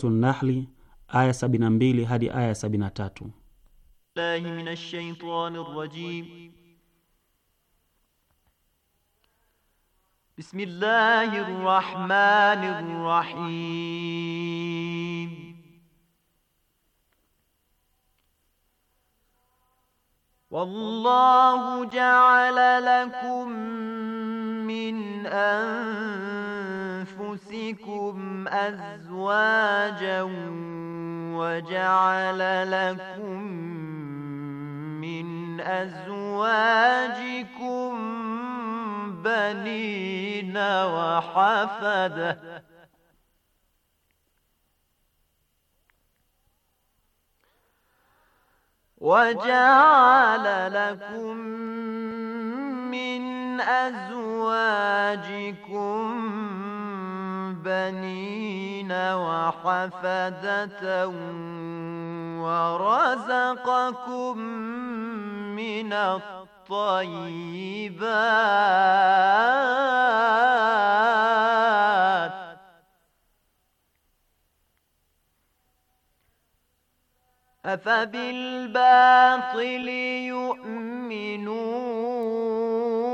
Suratu Nahli aya 72 hadi aya 73. Billahi minash shaitani rrajim. Bismillahir rahmanir rahim بنين وحفدة وجعل لكم من أزواجكم بنين وحفدة ورزقكم من الطيب الطيبات أفبالباطل يؤمنون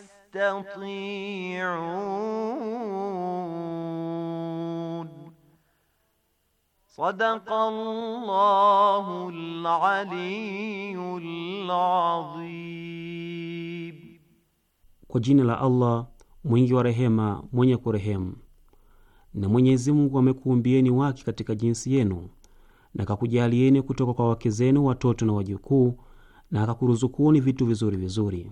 yastati'un. Sadaqallahul aliyyul adhim. Kwa jina la Allah mwingi wa rehema, mwenye kurehemu. Na Mwenyezi Mungu amekuumbieni wake katika jinsi yenu na akakujalieni kutoka kwa wake zenu watoto na wajukuu na akakuruzukuni vitu vizuri vizuri.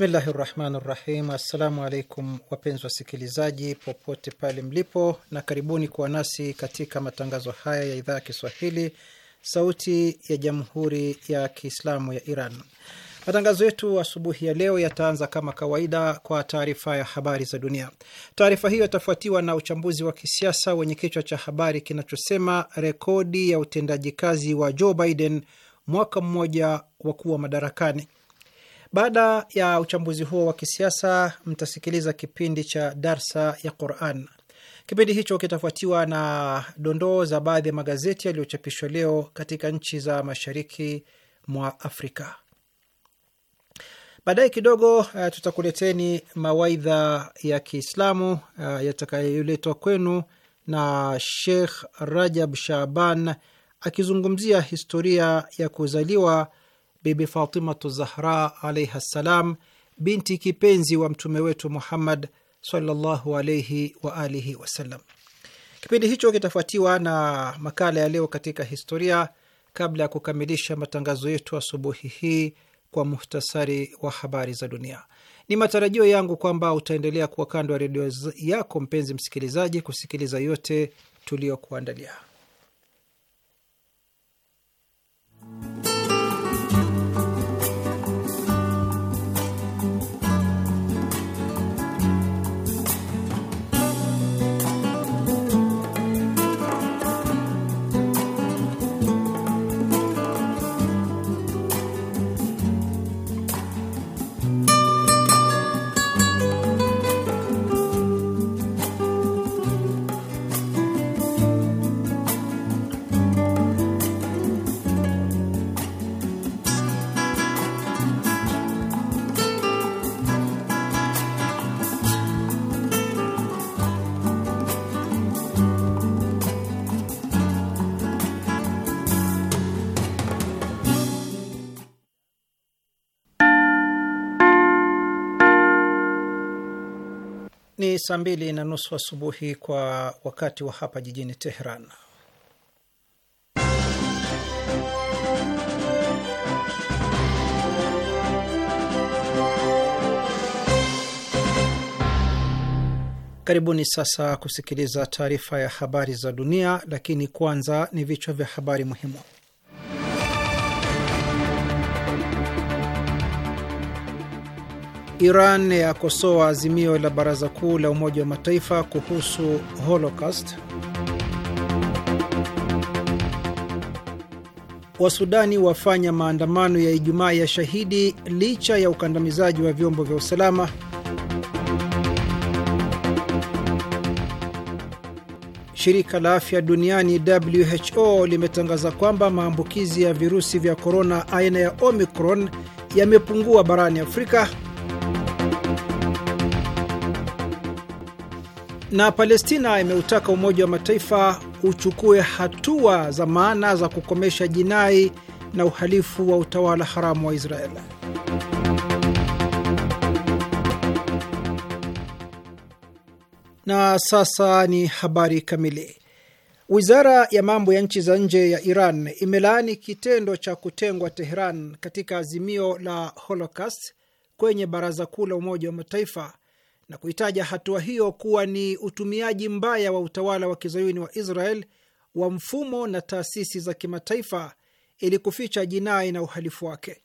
Bismillahi rahmani rahim. Assalamu alaikum wapenzi wasikilizaji popote pale mlipo, na karibuni kuwa nasi katika matangazo haya ya idhaa ya Kiswahili sauti ya jamhuri ya Kiislamu ya Iran. Matangazo yetu asubuhi ya leo yataanza kama kawaida kwa taarifa ya habari za dunia. Taarifa hiyo itafuatiwa na uchambuzi wa kisiasa wenye kichwa cha habari kinachosema rekodi ya utendaji kazi wa Joe Biden mwaka mmoja wa kuwa madarakani. Baada ya uchambuzi huo wa kisiasa, mtasikiliza kipindi cha darsa ya Quran. Kipindi hicho kitafuatiwa na dondoo za baadhi ya magazeti yaliyochapishwa leo katika nchi za mashariki mwa Afrika. Baadaye kidogo uh, tutakuleteni mawaidha ya Kiislamu uh, yatakayoletwa kwenu na Sheikh Rajab Shaban akizungumzia historia ya kuzaliwa Bibi Fatimatu Zahra alaihi ssalam, binti kipenzi wa mtume wetu Muhammad sallallahu alaihi wa alihi wasallam. Kipindi hicho kitafuatiwa na makala ya leo katika historia, kabla ya kukamilisha matangazo yetu asubuhi hii kwa muhtasari wa habari za dunia. Ni matarajio yangu kwamba utaendelea kuwa kando ya redio yako mpenzi msikilizaji, kusikiliza yote tuliyokuandalia. saa mbili na nusu asubuhi wa kwa wakati wa hapa jijini Teheran. Karibuni sasa kusikiliza taarifa ya habari za dunia, lakini kwanza ni vichwa vya habari muhimu. Iran yakosoa azimio la Baraza Kuu la Umoja wa Mataifa kuhusu Holocaust. Wasudani wafanya maandamano ya Ijumaa ya shahidi licha ya ukandamizaji wa vyombo vya usalama. Shirika la Afya Duniani WHO limetangaza kwamba maambukizi ya virusi vya korona aina ya Omicron yamepungua barani Afrika. Na Palestina imeutaka Umoja wa Mataifa uchukue hatua za maana za kukomesha jinai na uhalifu wa utawala haramu wa Israel. Na sasa ni habari kamili. Wizara ya mambo ya nchi za nje ya Iran imelaani kitendo cha kutengwa Teheran katika azimio la Holocaust kwenye Baraza Kuu la Umoja wa Mataifa na kuitaja hatua hiyo kuwa ni utumiaji mbaya wa utawala wa kizayuni wa Israel wa mfumo na taasisi za kimataifa ili kuficha jinai na uhalifu wake.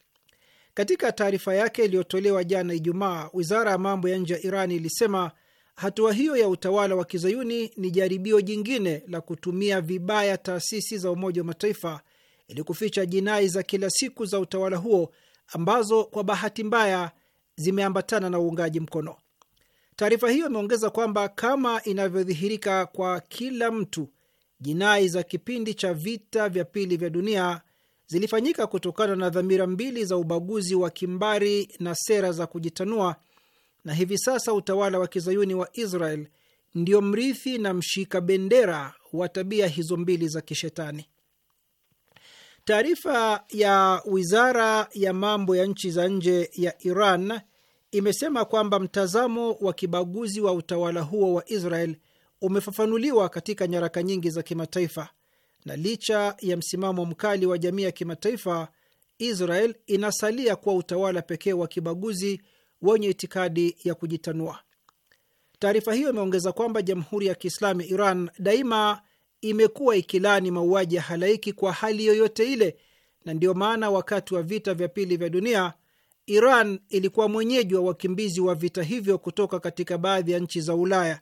Katika taarifa yake iliyotolewa jana Ijumaa, wizara ya mambo ya nje ya Iran ilisema hatua hiyo ya utawala wa kizayuni ni jaribio jingine la kutumia vibaya taasisi za Umoja wa Mataifa ili kuficha jinai za kila siku za utawala huo ambazo kwa bahati mbaya zimeambatana na uungaji mkono. Taarifa hiyo imeongeza kwamba kama inavyodhihirika kwa kila mtu, jinai za kipindi cha vita vya pili vya dunia zilifanyika kutokana na dhamira mbili za ubaguzi wa kimbari na sera za kujitanua, na hivi sasa utawala wa kizayuni wa Israel ndio mrithi na mshika bendera wa tabia hizo mbili za kishetani. Taarifa ya wizara ya mambo ya nchi za nje ya Iran imesema kwamba mtazamo wa kibaguzi wa utawala huo wa Israel umefafanuliwa katika nyaraka nyingi za kimataifa, na licha ya msimamo mkali wa jamii ya kimataifa, Israel inasalia kuwa utawala pekee wa kibaguzi wenye itikadi ya kujitanua. Taarifa hiyo imeongeza kwamba Jamhuri ya Kiislamu Iran daima imekuwa ikilaani mauaji ya halaiki kwa hali yoyote ile, na ndiyo maana wakati wa vita vya pili vya dunia Iran ilikuwa mwenyeji wa wakimbizi wa vita hivyo kutoka katika baadhi ya nchi za Ulaya.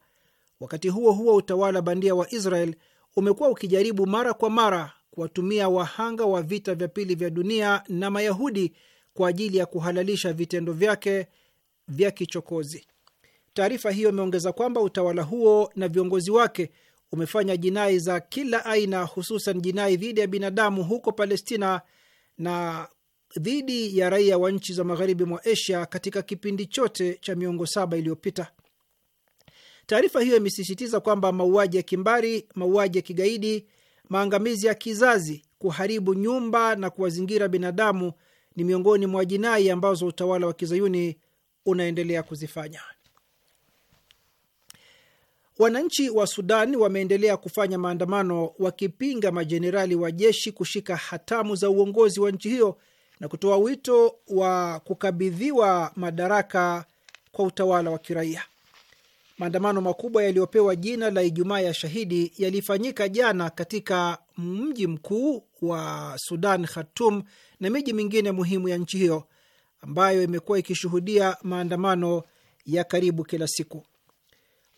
Wakati huo huo, utawala bandia wa Israel umekuwa ukijaribu mara kwa mara kuwatumia wahanga wa vita vya pili vya dunia na Mayahudi kwa ajili ya kuhalalisha vitendo vyake vya kichokozi. Taarifa hiyo imeongeza kwamba utawala huo na viongozi wake umefanya jinai za kila aina, hususan jinai dhidi ya binadamu huko Palestina na dhidi ya raia wa nchi za magharibi mwa Asia katika kipindi chote cha miongo saba iliyopita. Taarifa hiyo imesisitiza kwamba mauaji ya kimbari, mauaji ya kigaidi, maangamizi ya kizazi, kuharibu nyumba na kuwazingira binadamu ni miongoni mwa jinai ambazo utawala wa kizayuni unaendelea kuzifanya. Wananchi wa Sudan wameendelea kufanya maandamano wakipinga majenerali wa jeshi kushika hatamu za uongozi wa nchi hiyo na kutoa wito wa kukabidhiwa madaraka kwa utawala wa kiraia. Maandamano makubwa yaliyopewa jina la Ijumaa ya Shahidi yalifanyika jana katika mji mkuu wa Sudan, Khartum, na miji mingine muhimu ya nchi hiyo ambayo imekuwa ikishuhudia maandamano ya karibu kila siku.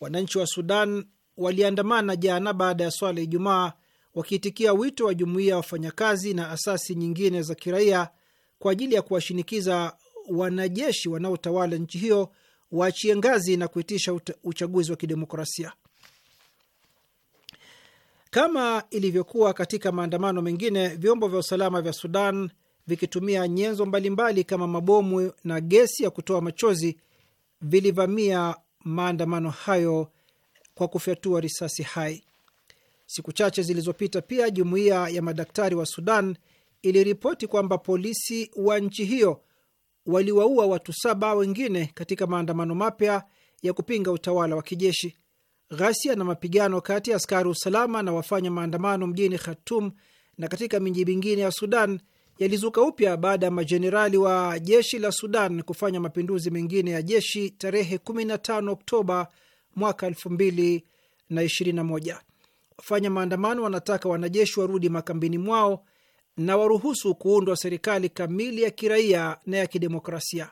Wananchi wa Sudan waliandamana jana baada ya swala Ijumaa wakiitikia wito wa jumuiya ya wafanyakazi na asasi nyingine za kiraia kwa ajili ya kuwashinikiza wanajeshi wanaotawala nchi hiyo waachie ngazi na kuitisha uchaguzi wa kidemokrasia. Kama ilivyokuwa katika maandamano mengine, vyombo vya usalama vya Sudan vikitumia nyenzo mbalimbali kama mabomu na gesi ya kutoa machozi vilivamia maandamano hayo kwa kufyatua risasi hai. Siku chache zilizopita, pia jumuiya ya madaktari wa Sudan iliripoti kwamba polisi wa nchi hiyo waliwaua watu saba wengine katika maandamano mapya ya kupinga utawala wa kijeshi. Ghasia na mapigano kati ya askari usalama na wafanya maandamano mjini Khartoum na katika miji mingine ya Sudan yalizuka upya baada ya majenerali wa jeshi la Sudan kufanya mapinduzi mengine ya jeshi tarehe 15 Oktoba mwaka 2021. Wafanya maandamano wanataka wanajeshi warudi makambini mwao na waruhusu kuundwa serikali kamili ya kiraia na ya kidemokrasia.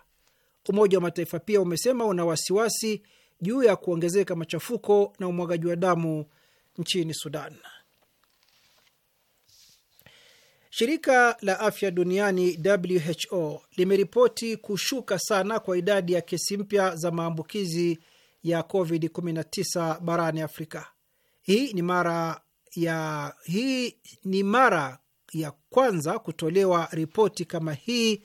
Umoja wa Mataifa pia umesema una wasiwasi juu ya kuongezeka machafuko na umwagaji wa damu nchini Sudan. Shirika la afya duniani WHO limeripoti kushuka sana kwa idadi ya kesi mpya za maambukizi ya COVID-19 barani Afrika. Hii ni mara ya hii ni mara ya kwanza kutolewa ripoti kama hii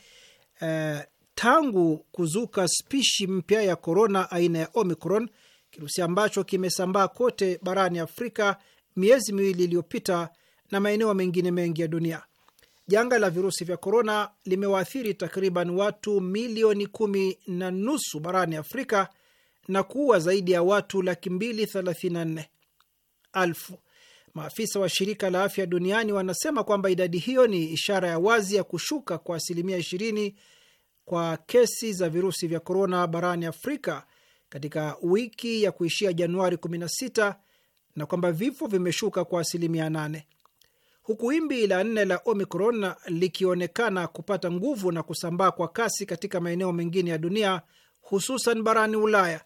eh, tangu kuzuka spishi mpya ya korona aina ya Omicron, kirusi ambacho kimesambaa kote barani Afrika miezi miwili iliyopita na maeneo mengine mengi ya dunia. Janga la virusi vya korona limewaathiri takriban watu milioni kumi na nusu barani Afrika na kuua zaidi ya watu laki mbili thelathini na nne elfu Maafisa wa shirika la afya duniani wanasema kwamba idadi hiyo ni ishara ya wazi ya kushuka kwa asilimia 20 kwa kesi za virusi vya korona barani Afrika katika wiki ya kuishia Januari 16 na kwamba vifo vimeshuka kwa asilimia 8 huku wimbi la nne la Omicron likionekana kupata nguvu na kusambaa kwa kasi katika maeneo mengine ya dunia hususan barani Ulaya.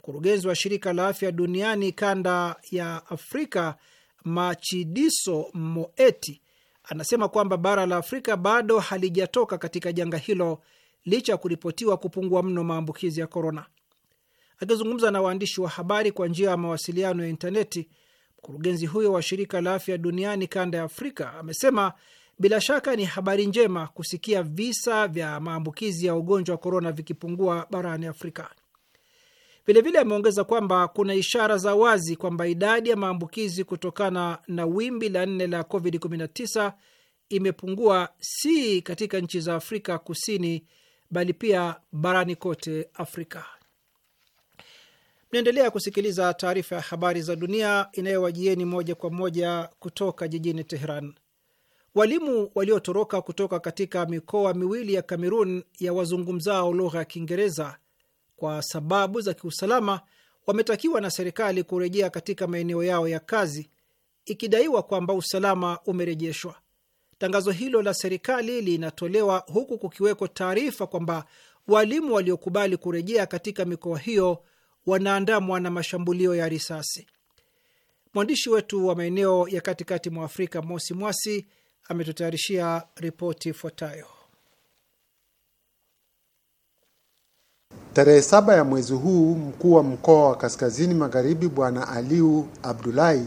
Mkurugenzi wa shirika la afya duniani kanda ya Afrika Machidiso Moeti anasema kwamba bara la Afrika bado halijatoka katika janga hilo licha ya kuripotiwa kupungua mno maambukizi ya korona. Akizungumza na waandishi wa habari kwa njia ya mawasiliano ya intaneti, mkurugenzi huyo wa shirika la afya duniani kanda ya Afrika amesema bila shaka ni habari njema kusikia visa vya maambukizi ya ugonjwa wa korona vikipungua barani Afrika. Vilevile ameongeza kwamba kuna ishara za wazi kwamba idadi ya maambukizi kutokana na wimbi la nne la COVID-19 imepungua si katika nchi za Afrika Kusini bali pia barani kote Afrika. Mnaendelea kusikiliza taarifa ya habari za dunia inayowajieni moja kwa moja kutoka jijini Teheran. Walimu waliotoroka kutoka katika mikoa miwili ya Kamerun ya wazungumzao lugha ya Kiingereza kwa sababu za kiusalama wametakiwa na serikali kurejea katika maeneo yao ya kazi, ikidaiwa kwamba usalama umerejeshwa. Tangazo hilo la serikali linatolewa huku kukiweko taarifa kwamba walimu waliokubali kurejea katika mikoa hiyo wanaandamwa na mashambulio ya risasi. Mwandishi wetu wa maeneo ya katikati mwa Afrika, Mosi Mwasi, ametutayarishia ripoti ifuatayo. Tarehe saba ya mwezi huu mkuu wa mkoa wa Kaskazini Magharibi Bwana Aliu Abdulahi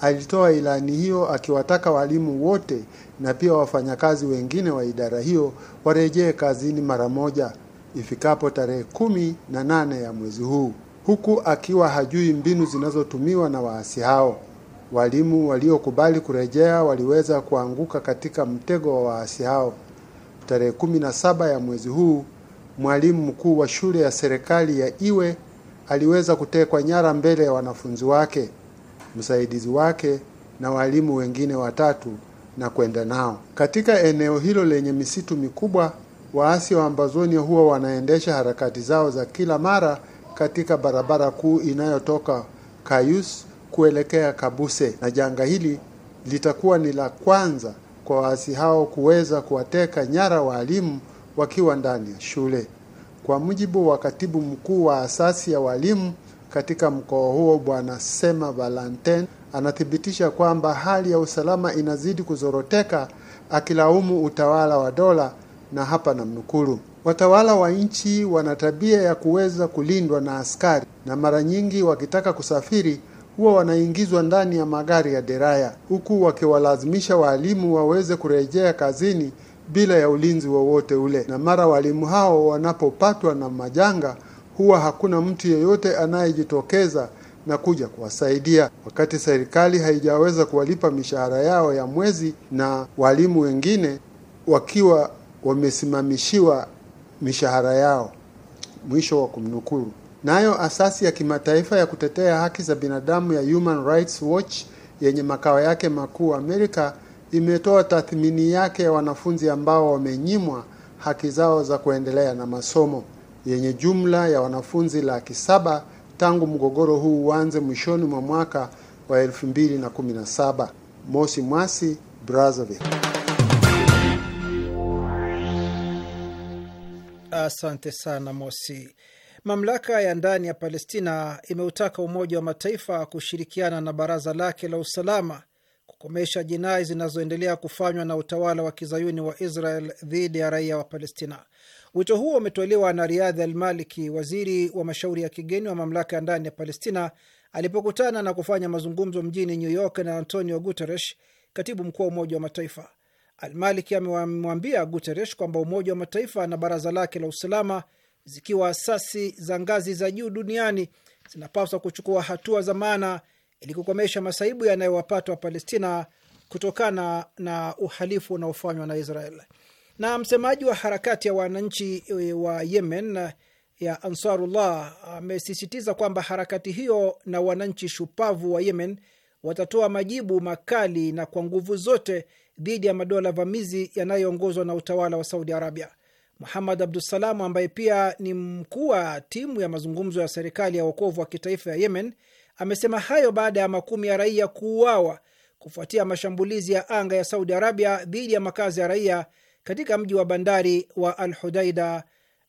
alitoa ilani hiyo akiwataka walimu wote na pia wafanyakazi wengine wa idara hiyo warejee kazini mara moja ifikapo tarehe kumi na nane ya mwezi huu, huku akiwa hajui mbinu zinazotumiwa na waasi hao. Walimu waliokubali kurejea waliweza kuanguka katika mtego wa waasi hao. Tarehe kumi na saba ya mwezi huu mwalimu mkuu wa shule ya serikali ya Iwe aliweza kutekwa nyara mbele ya wanafunzi wake, msaidizi wake na walimu wengine watatu na kwenda nao katika eneo hilo lenye misitu mikubwa. Waasi wa Ambazonia huwa wanaendesha harakati zao za kila mara katika barabara kuu inayotoka Kayus kuelekea Kabuse, na janga hili litakuwa ni la kwanza kwa waasi hao kuweza kuwateka nyara waalimu wakiwa ndani ya shule. Kwa mujibu wa katibu mkuu wa asasi ya walimu katika mkoa huo, Bwana Sema Valentin anathibitisha kwamba hali ya usalama inazidi kuzoroteka, akilaumu utawala wa dola, na hapa na mnukuru watawala wa nchi wana tabia ya kuweza kulindwa na askari, na mara nyingi wakitaka kusafiri huwa wanaingizwa ndani ya magari ya deraya, huku wakiwalazimisha waalimu waweze kurejea kazini bila ya ulinzi wowote ule. Na mara walimu hao wanapopatwa na majanga, huwa hakuna mtu yeyote anayejitokeza na kuja kuwasaidia, wakati serikali haijaweza kuwalipa mishahara yao ya mwezi, na walimu wengine wakiwa wamesimamishiwa mishahara yao. Mwisho wa kumnukuru. Nayo asasi ya kimataifa ya kutetea haki za binadamu ya Human Rights Watch yenye makao yake makuu Amerika imetoa tathmini yake ya wanafunzi ambao wamenyimwa haki zao za kuendelea na masomo yenye jumla ya wanafunzi laki saba tangu mgogoro huu uanze mwishoni mwa mwaka wa 2017. Mosi Mwasi, Brazzaville. Asante sana Mosi. Mamlaka ya ndani ya Palestina imeutaka Umoja wa Mataifa kushirikiana na baraza lake la usalama kukomesha jinai zinazoendelea kufanywa na utawala wa kizayuni wa Israel dhidi ya raia wa Palestina. Wito huo umetolewa na riadhi Al Maliki, waziri wa mashauri ya kigeni wa mamlaka ya ndani ya Palestina, alipokutana na kufanya mazungumzo mjini New York na Antonio Guterres, katibu mkuu wa Umoja wa Mataifa. Al Maliki amemwambia Guterres kwamba Umoja wa Mataifa na baraza lake la usalama, zikiwa asasi za ngazi za juu duniani, zinapaswa kuchukua hatua za maana ili kukomesha masaibu yanayowapata Wapalestina kutokana na uhalifu unaofanywa na Israel. Na msemaji wa harakati ya wananchi e, wa Yemen ya Ansarullah amesisitiza kwamba harakati hiyo na wananchi shupavu wa Yemen watatoa majibu makali na kwa nguvu zote dhidi ya madola vamizi yanayoongozwa na utawala wa Saudi Arabia. Muhamad Abdusalamu, ambaye pia ni mkuu wa timu ya mazungumzo ya serikali ya wokovu wa kitaifa ya Yemen Amesema hayo baada ya makumi ya raia kuuawa kufuatia mashambulizi ya anga ya Saudi Arabia dhidi ya makazi ya raia katika mji wa bandari wa Al Hudaida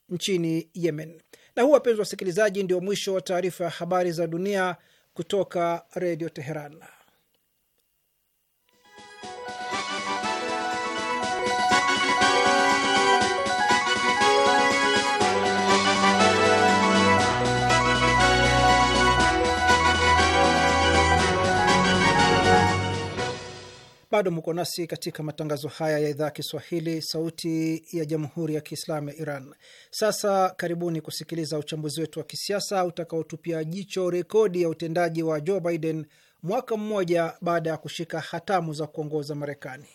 nchini Yemen. Na huu, wapenzi wasikilizaji, ndio mwisho wa taarifa ya habari za dunia kutoka Redio Teheran. Bado mko nasi katika matangazo haya ya idhaa ya Kiswahili, sauti ya jamhuri ya kiislamu ya Iran. Sasa karibuni kusikiliza uchambuzi wetu wa kisiasa utakaotupia jicho rekodi ya utendaji wa Joe Biden mwaka mmoja baada ya kushika hatamu za kuongoza Marekani.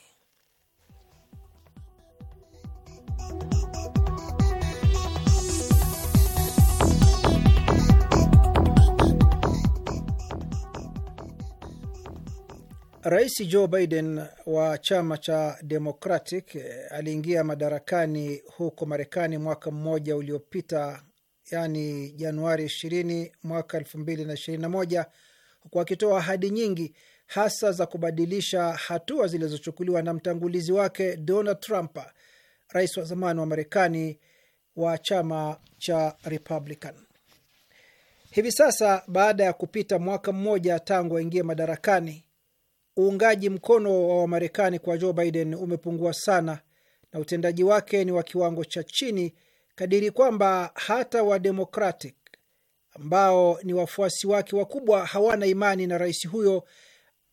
Rais Joe Biden wa chama cha Democratic eh, aliingia madarakani huko Marekani mwaka mmoja uliopita, yani Januari 20 mwaka 2021, huku akitoa ahadi nyingi hasa za kubadilisha hatua zilizochukuliwa na mtangulizi wake Donald Trump, rais wa zamani wa Marekani wa chama cha Republican. Hivi sasa baada ya kupita mwaka mmoja tangu aingie madarakani uungaji mkono wa Wamarekani kwa Joe Biden umepungua sana na utendaji wake ni wa kiwango cha chini kadiri kwamba hata wa ambao ni wafuasi wake wakubwa hawana imani na rais huyo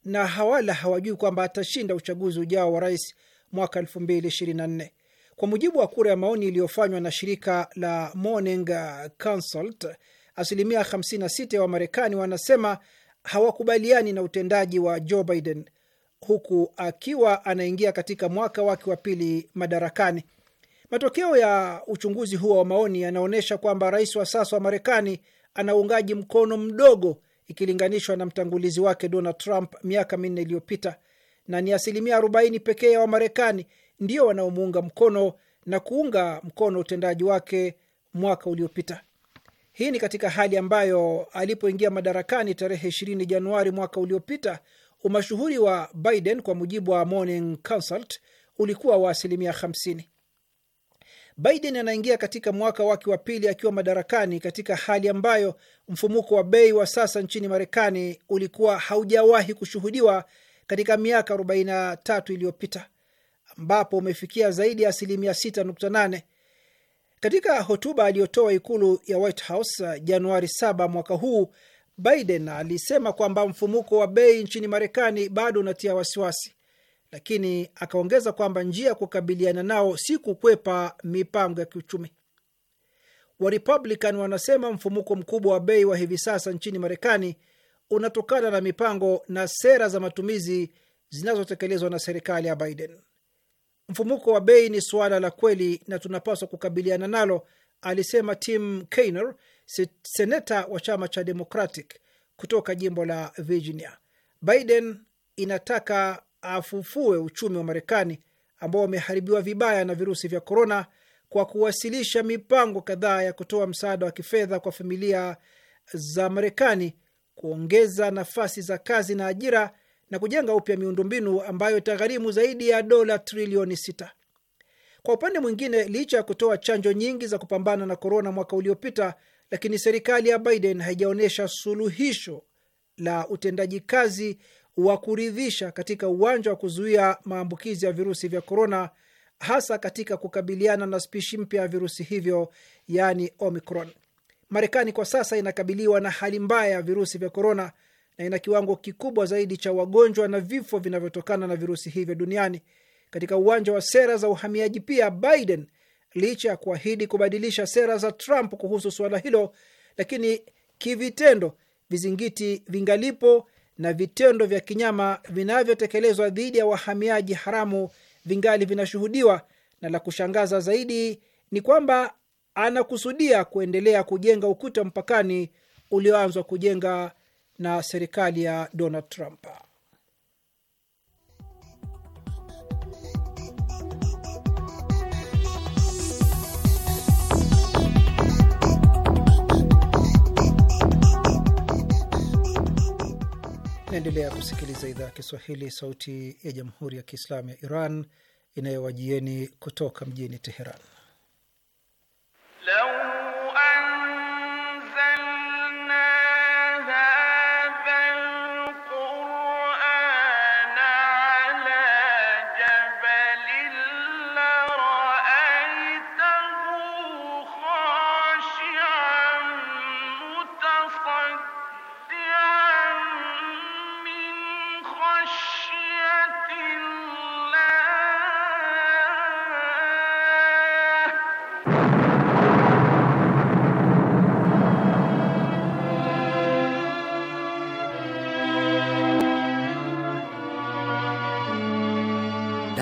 na hawala hawajui kwamba atashinda uchaguzi ujao wa rais mwaka 2024. Kwa mujibu wa kura ya maoni iliyofanywa na shirika la Morning Consult, asilimia 56 ya Wamarekani wanasema hawakubaliani na utendaji wa Joe Biden huku akiwa anaingia katika mwaka wake wa pili madarakani. Matokeo ya uchunguzi huo wa maoni yanaonyesha kwamba rais wa sasa wa Marekani ana uungaji mkono mdogo ikilinganishwa na mtangulizi wake Donald Trump miaka minne iliyopita, na ni asilimia 40 pekee ya Wamarekani ndio wanaomuunga mkono na kuunga mkono utendaji wake mwaka uliopita. Hii ni katika hali ambayo alipoingia madarakani tarehe 20 Januari mwaka uliopita, umashuhuri wa Biden kwa mujibu wa Morning Consult ulikuwa wa asilimia 50. Biden anaingia katika mwaka wake wa pili akiwa madarakani katika hali ambayo mfumuko wa bei wa sasa nchini Marekani ulikuwa haujawahi kushuhudiwa katika miaka 43 iliyopita, ambapo umefikia zaidi ya asilimia 6.8 katika hotuba aliyotoa ikulu ya White House uh, Januari 7 mwaka huu, Biden alisema kwamba mfumuko wa bei nchini Marekani bado unatia wasiwasi, lakini akaongeza kwamba njia ya kukabiliana nao si kukwepa mipango ya kiuchumi. Warepublican wanasema mfumuko mkubwa wa bei wa hivi sasa nchini Marekani unatokana na mipango na sera za matumizi zinazotekelezwa na serikali ya Biden. Mfumuko wa bei ni suala la kweli na tunapaswa kukabiliana nalo, alisema Tim Kainer, seneta wa chama cha Democratic kutoka jimbo la Virginia. Biden inataka afufue uchumi wa Marekani ambao wameharibiwa vibaya na virusi vya korona kwa kuwasilisha mipango kadhaa ya kutoa msaada wa kifedha kwa familia za Marekani, kuongeza nafasi za kazi na ajira na kujenga upya miundombinu ambayo itagharimu zaidi ya dola trilioni sita. Kwa upande mwingine, licha ya kutoa chanjo nyingi za kupambana na korona mwaka uliopita, lakini serikali ya Biden haijaonyesha suluhisho la utendaji kazi wa kuridhisha katika uwanja wa kuzuia maambukizi ya virusi vya korona, hasa katika kukabiliana na spishi mpya ya virusi hivyo, yaani Omicron. Marekani kwa sasa inakabiliwa na hali mbaya ya virusi vya korona na ina kiwango kikubwa zaidi cha wagonjwa na vifo vinavyotokana na virusi hivyo duniani. Katika uwanja wa sera za uhamiaji pia, Biden licha ya kuahidi kubadilisha sera za Trump kuhusu suala hilo, lakini kivitendo vizingiti vingalipo na vitendo vya kinyama vinavyotekelezwa dhidi ya wahamiaji haramu vingali vinashuhudiwa, na la kushangaza zaidi ni kwamba anakusudia kuendelea kujenga ukuta mpakani ulioanzwa kujenga na serikali ya Donald Trump. Naendelea kusikiliza idhaa ya Kiswahili, sauti ya jamhuri ya kiislamu ya Iran inayowajieni kutoka mjini Teheran.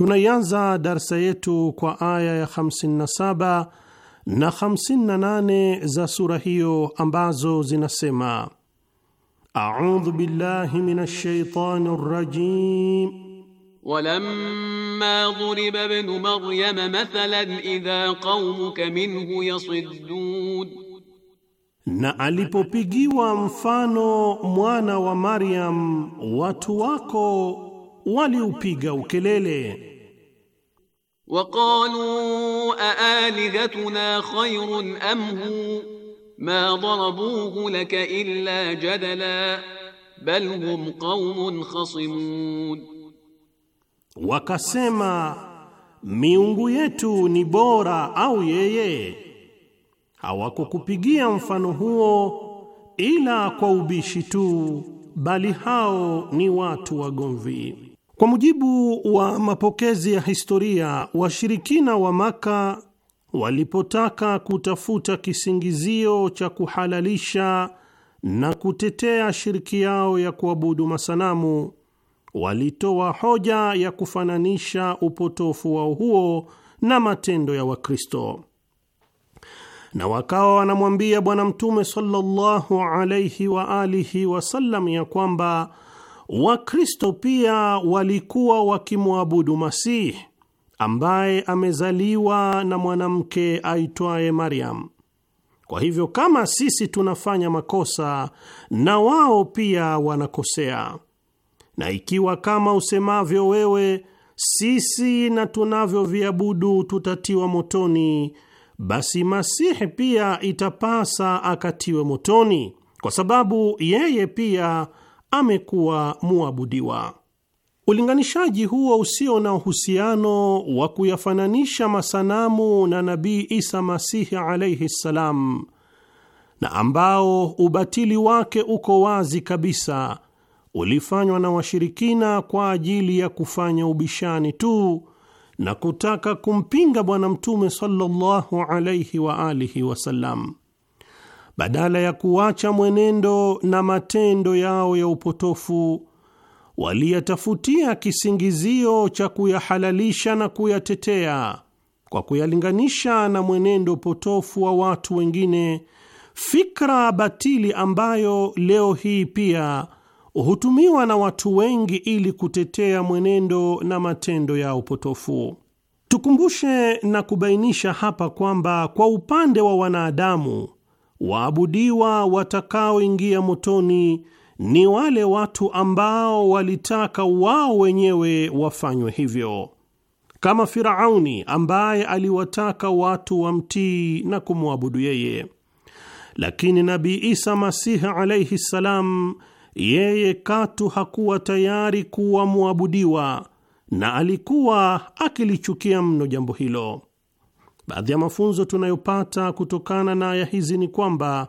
Tunaianza darsa yetu kwa aya ya 57 na 58 za sura hiyo ambazo zinasema: audhu billahi minash shaitani rajim Walamma duriba ibnu Maryama mathalan idha qaumuka minhu yasiddun, na alipopigiwa mfano mwana wa Maryam watu wako waliupiga ukelele waqalu aalihatuna khayrun am hu ma darabuhu laka illa jadala bal hum qaumun khasimun, wakasema miungu yetu ni bora au yeye? Hawakukupigia mfano huo ila kwa ubishi tu, bali hao ni watu wagomvi. Kwa mujibu wa mapokezi ya historia, washirikina wa Maka walipotaka kutafuta kisingizio cha kuhalalisha na kutetea shiriki yao ya kuabudu masanamu, walitoa hoja ya kufananisha upotofu wao huo na matendo ya Wakristo, na wakawa wanamwambia Bwana Mtume sallallahu alaihi wa alihi wasallam ya kwamba Wakristo pia walikuwa wakimwabudu Masihi ambaye amezaliwa na mwanamke aitwaye Mariam. Kwa hivyo kama sisi tunafanya makosa na wao pia wanakosea, na ikiwa kama usemavyo wewe, sisi na tunavyoviabudu tutatiwa motoni, basi Masihi pia itapasa akatiwe motoni, kwa sababu yeye pia amekuwa mwabudiwa. Ulinganishaji huo usio na uhusiano wa kuyafananisha masanamu na Nabii Isa Masihi alaihi ssalam, na ambao ubatili wake uko wazi kabisa, ulifanywa na washirikina kwa ajili ya kufanya ubishani tu na kutaka kumpinga Bwana Mtume sallallahu alaihi waalihi wasallam badala ya kuacha mwenendo na matendo yao ya upotofu, waliyatafutia kisingizio cha kuyahalalisha na kuyatetea kwa kuyalinganisha na mwenendo potofu wa watu wengine, fikra batili ambayo leo hii pia hutumiwa na watu wengi ili kutetea mwenendo na matendo ya upotofu. Tukumbushe na kubainisha hapa kwamba kwa upande wa wanadamu waabudiwa watakaoingia motoni ni wale watu ambao walitaka wao wenyewe wafanywe hivyo, kama Firauni ambaye aliwataka watu wamtii na kumwabudu yeye. Lakini Nabii Isa Masihi alaihi ssalam, yeye katu hakuwa tayari kuwa mwabudiwa na alikuwa akilichukia mno jambo hilo. Baadhi ya mafunzo tunayopata kutokana na aya hizi ni kwamba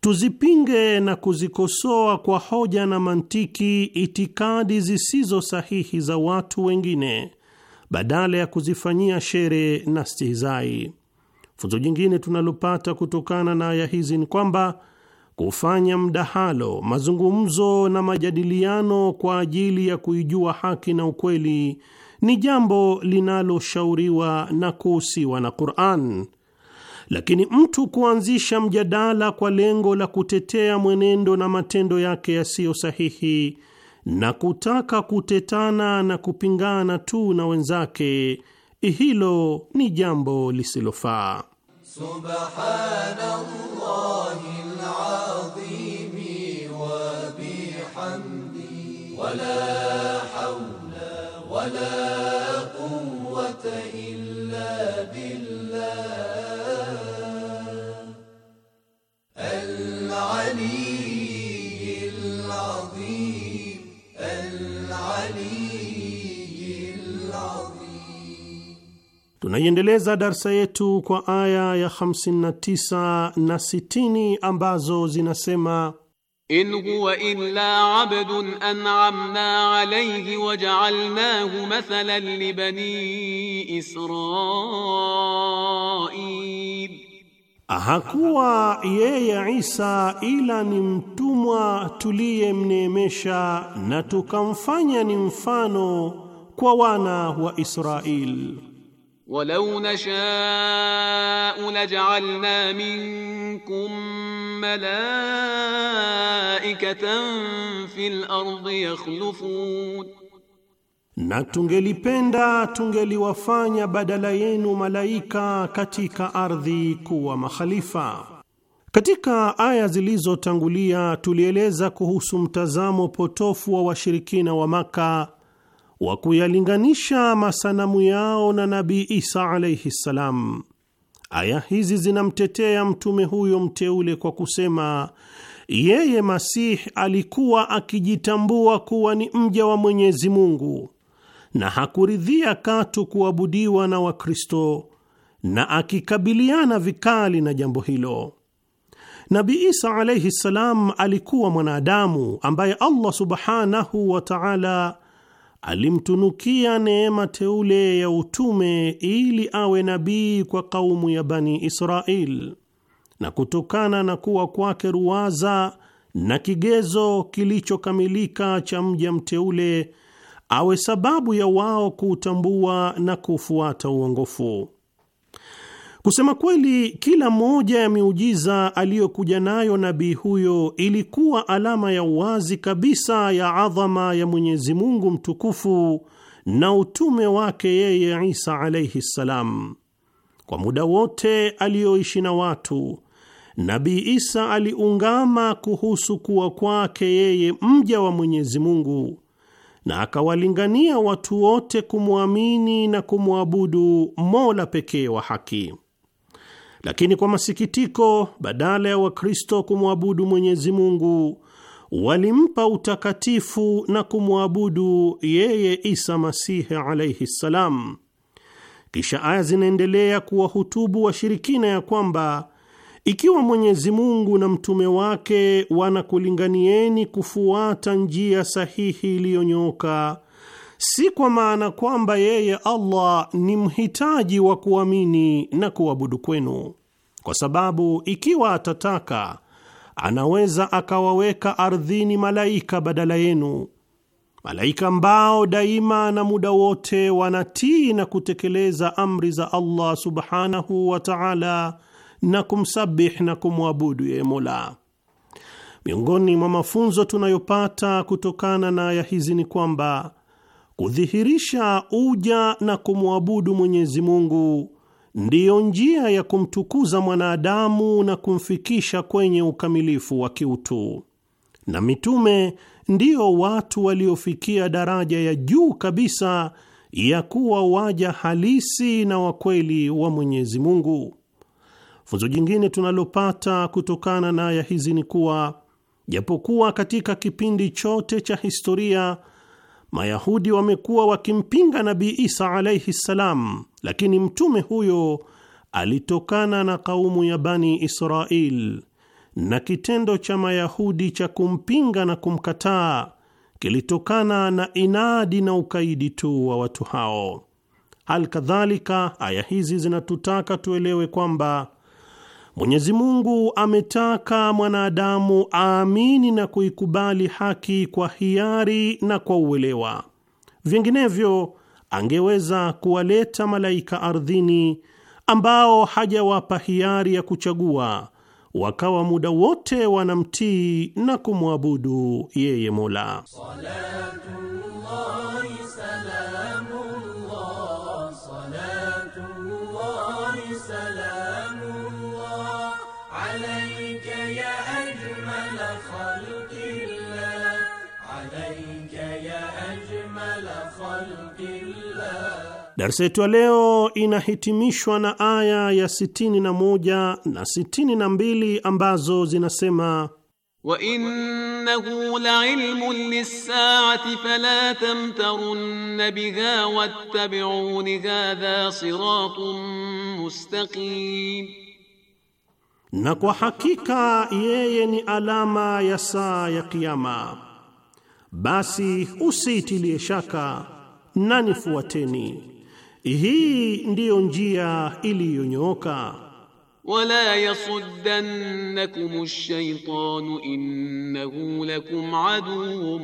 tuzipinge na kuzikosoa kwa hoja na mantiki itikadi zisizo sahihi za watu wengine badala ya kuzifanyia shere na stihizai. Funzo jingine tunalopata kutokana na aya hizi ni kwamba kufanya mdahalo, mazungumzo na majadiliano kwa ajili ya kuijua haki na ukweli ni jambo linaloshauriwa na kuhusiwa na Qur'an, lakini mtu kuanzisha mjadala kwa lengo la kutetea mwenendo na matendo yake yasiyo sahihi na kutaka kutetana na kupingana tu na wenzake, hilo ni jambo lisilofaa. wa bihamdi wala hawla Tunaiendeleza darsa yetu kwa aya ya 59 na 60 ambazo zinasema in huwa illa abdun an'amna alayhi waja'alnahu mathalan li bani Israil, hakuwa yeye Isa ila ni mtumwa tuliyemneemesha na tukamfanya ni mfano kwa wana wa Israil walau nashau laj'alna minkum malaikatan fil ardi yakhlufun, na tungelipenda tungeliwafanya badala yenu malaika katika ardhi kuwa makhalifa. Katika aya zilizotangulia tulieleza kuhusu mtazamo potofu wa washirikina wa Maka wa kuyalinganisha masanamu yao na Nabii Isa alaihi ssalam. Aya hizi zinamtetea mtume huyo mteule kwa kusema yeye Masihi alikuwa akijitambua kuwa ni mja wa Mwenyezi Mungu na hakuridhia katu kuabudiwa na Wakristo na akikabiliana vikali na jambo hilo. Nabi Isa alaihi ssalam alikuwa mwanadamu ambaye Allah subhanahu wa taala alimtunukia neema teule ya utume ili awe nabii kwa kaumu ya Bani Israel, na kutokana na kuwa kwake ruwaza na kigezo kilichokamilika cha mja mteule, awe sababu ya wao kuutambua na kufuata uongofu. Kusema kweli, kila moja ya miujiza aliyokuja nayo nabii huyo ilikuwa alama ya uwazi kabisa ya adhama ya Mwenyezi Mungu mtukufu na utume wake yeye Isa alaihi ssalam. Kwa muda wote aliyoishi na watu, nabii Isa aliungama kuhusu kuwa kwake yeye mja wa Mwenyezi Mungu na akawalingania watu wote kumwamini na kumwabudu Mola pekee wa haki. Lakini kwa masikitiko, badala ya Wakristo kumwabudu Mwenyezi Mungu, walimpa utakatifu na kumwabudu yeye Isa Masihi alaihi ssalam. Kisha aya zinaendelea kuwahutubu washirikina ya kwamba ikiwa Mwenyezi Mungu na mtume wake wanakulinganieni kufuata njia sahihi iliyonyooka si kwa maana kwamba yeye Allah ni mhitaji wa kuamini na kuabudu kwenu, kwa sababu ikiwa atataka anaweza akawaweka ardhini malaika badala yenu, malaika ambao daima na muda wote wanatii na kutekeleza amri za Allah subhanahu wa ta'ala na kumsabih na kumwabudu yeye Mola. Miongoni mwa mafunzo tunayopata kutokana na aya hizi ni kwamba kudhihirisha uja na kumwabudu Mwenyezi Mungu ndiyo njia ya kumtukuza mwanadamu na kumfikisha kwenye ukamilifu wa kiutu, na mitume ndiyo watu waliofikia daraja ya juu kabisa ya kuwa waja halisi na wakweli wa Mwenyezi Mungu. Funzo jingine tunalopata kutokana na aya hizi ni kuwa japokuwa katika kipindi chote cha historia Mayahudi wamekuwa wakimpinga Nabii Isa alaihi ssalam, lakini mtume huyo alitokana na kaumu ya Bani Israil, na kitendo cha Mayahudi cha kumpinga na kumkataa kilitokana na inadi na ukaidi tu wa watu hao. Hal kadhalika aya hizi zinatutaka tuelewe kwamba Mwenyezi Mungu ametaka mwanadamu aamini na kuikubali haki kwa hiari na kwa uelewa, vinginevyo angeweza kuwaleta malaika ardhini ambao hajawapa hiari ya kuchagua, wakawa muda wote wanamtii na kumwabudu yeye Mola Salatu Darsa yetu ya leo inahitimishwa na aya ya 61 na 62 ambazo zinasema wa innahu la'ilmun lis-sa'ati fala tamtarunna biha wattabi'uni hadha siratun mustaqim, na kwa hakika yeye ni alama ya saa ya Kiyama, basi usiitilie shaka na nifuateni. Hii ndiyo njia iliyonyooka. Wala yasuddannakum ash-shaytanu innahu lakum aduwwun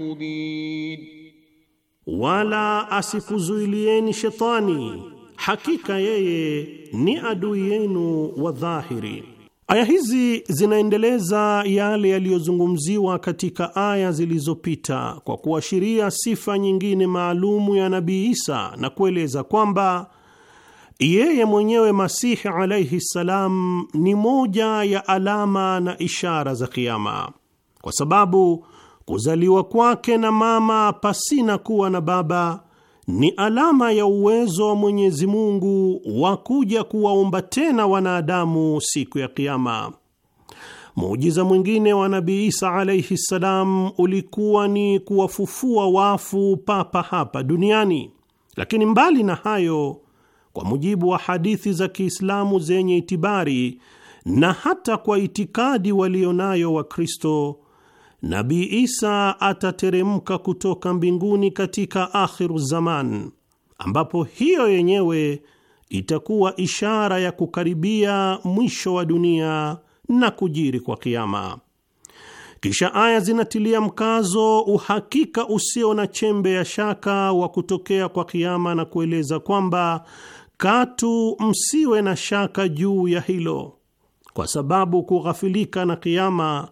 mubin, wala asikuzuilieni shetani, hakika yeye ni adui yenu wa dhahiri. Aya hizi zinaendeleza yale yaliyozungumziwa katika aya zilizopita kwa kuashiria sifa nyingine maalumu ya Nabii Isa na kueleza kwamba yeye mwenyewe Masihi alaihi ssalam ni moja ya alama na ishara za Kiama, kwa sababu kuzaliwa kwake na mama pasina kuwa na baba ni alama ya uwezo wa Mwenyezi Mungu wa kuja kuwaumba tena wanadamu siku ya Kiama. Muujiza mwingine wa Nabii Isa alaihi ssalam ulikuwa ni kuwafufua wafu papa hapa duniani. Lakini mbali na hayo, kwa mujibu wa hadithi za Kiislamu zenye itibari na hata kwa itikadi walionayo Wakristo, Nabii Isa atateremka kutoka mbinguni katika akhiru zaman, ambapo hiyo yenyewe itakuwa ishara ya kukaribia mwisho wa dunia na kujiri kwa kiama. Kisha aya zinatilia mkazo uhakika usio na chembe ya shaka wa kutokea kwa kiama na kueleza kwamba katu msiwe na shaka juu ya hilo, kwa sababu kughafilika na kiama